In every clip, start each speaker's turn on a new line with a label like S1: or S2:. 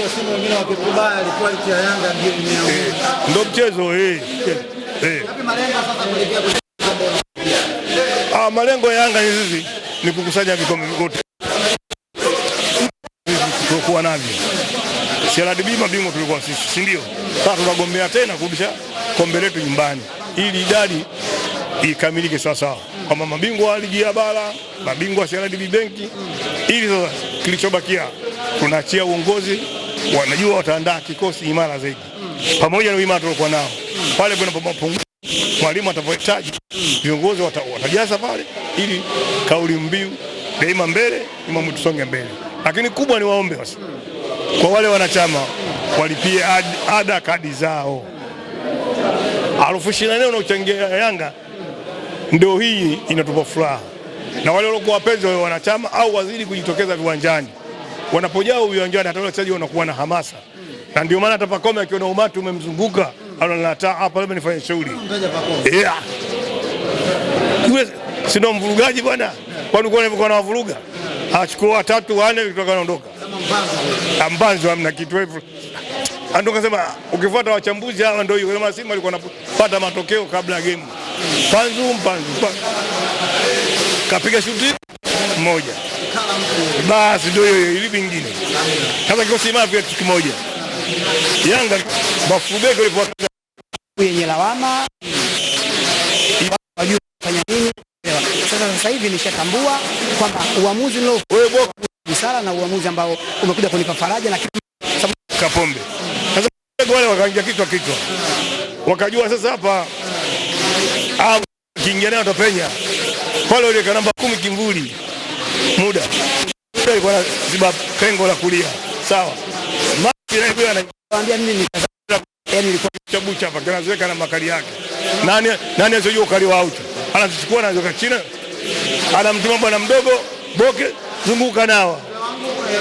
S1: wapiga simu wengine wakikubali alikuwa ya Yanga ndio imeamua. Ndio mchezo eh. Eh. Ah, malengo ya Yanga ni hivi ni kukusanya vikombe vyote tulikuwa navyo CRDB mabingwa tulikuwa sisi, si ndio? Sasa tunagombea tena kurudisha kombe letu nyumbani ili idadi ikamilike sawasawa, kwamba mabingwa wa ligi ya bara, mabingwa wa CRDB benki, ili sasa kilichobakia tunaachia uongozi wanajua wataandaa kikosi imara zaidi, pamoja na uimara tuliokuwa nao pale mapungufu mwalimu atavyohitaji viongozi watajaza pale, ili kauli mbiu daima mbele imam, tusonge mbele. Lakini kubwa ni waombe basi kwa wale wanachama walipie ad, ada kadi zao arufu ishirini na nne unaochangia Yanga ndio hii inatupa furaha, na wale waliokuwa wapenzi wa wanachama au wazidi kujitokeza viwanjani wanapojaa uwanjani, hata wachezaji wanakuwa na hamasa, na ndio maana hata Pacome akiona umati umemzunguka analataa hapa, ah, labda nifanye shauri sindo Sina mvurugaji bwana, kwani kwa nawavuruga achukua watatu wanne kutoka naondoka ambanzo ah, amna kitu hivyo. Ndio kasema ukifuata wachambuzi hawa ndio hiyo kama Simba alikuwa anapata matokeo kabla ya game. Panzu mpanzu. Kapiga shuti moja basi ndio hiyo ili vingine kama kikosi imara kitu kimoja. Yanga mafubeko ilipo
S2: yenye lawama wajua kufanya nini. Sasa sasa hivi nishatambua kwamba uamuzi nilio wewe busara na uamuzi ambao umekuja kunipa faraja na
S1: sababu kapombe sasa, wale wakaingia kichwa kichwa, wakajua sasa hapa au kiingia nayo tapenya pale ile namba 10 kimvuli muda muda alikuwa anaziba pengo la kulia, sawa. Chabucha hapa kinaziweka na makali yake. Nani nani asiyojua ukali wa auto anazichukua, anaweka chini, anamtuma bwana mdogo boke, zunguka nawa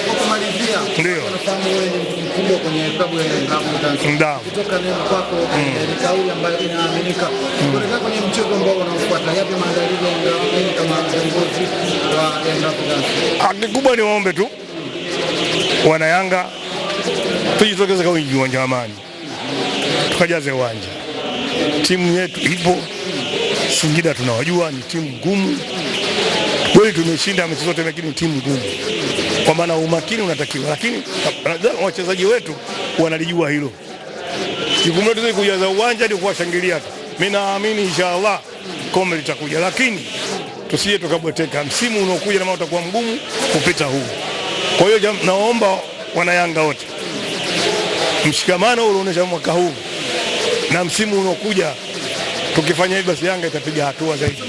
S3: kwa kumalizia, ndio nafahamu wewe ni mtu mkubwa kwenye klabu ya Young
S1: Africans,
S3: kutoka neno kwako mm. eh, ni kauli ambayo inaaminika. Kuelekea mm. kwenye mchezo ambao unaofuata, yapi maandalizi ya Young kama viongozi
S1: wa Young Africans? Kikubwa ah, ni waombe tu wana Yanga tujitokeze kwa wingi uwanja wa Amani, tukajaze uwanja. Timu yetu ipo Singida, tunawajua ni timu ngumu kweli tumeshinda mechi zote, lakini timu ngumu, kwa maana umakini unatakiwa, lakini wachezaji wetu wanalijua hilo jukumu letu sisi kujaza uwanja ili kuwashangilia tu. Mimi naamini inshallah kombe litakuja, lakini tusije tukabweteka. Msimu unaokuja na utakuwa mgumu kupita huu. Kwa hiyo naomba wanayanga wote mshikamano ulionyesha mwaka huu na msimu unaokuja, tukifanya hivi basi Yanga itapiga hatua zaidi.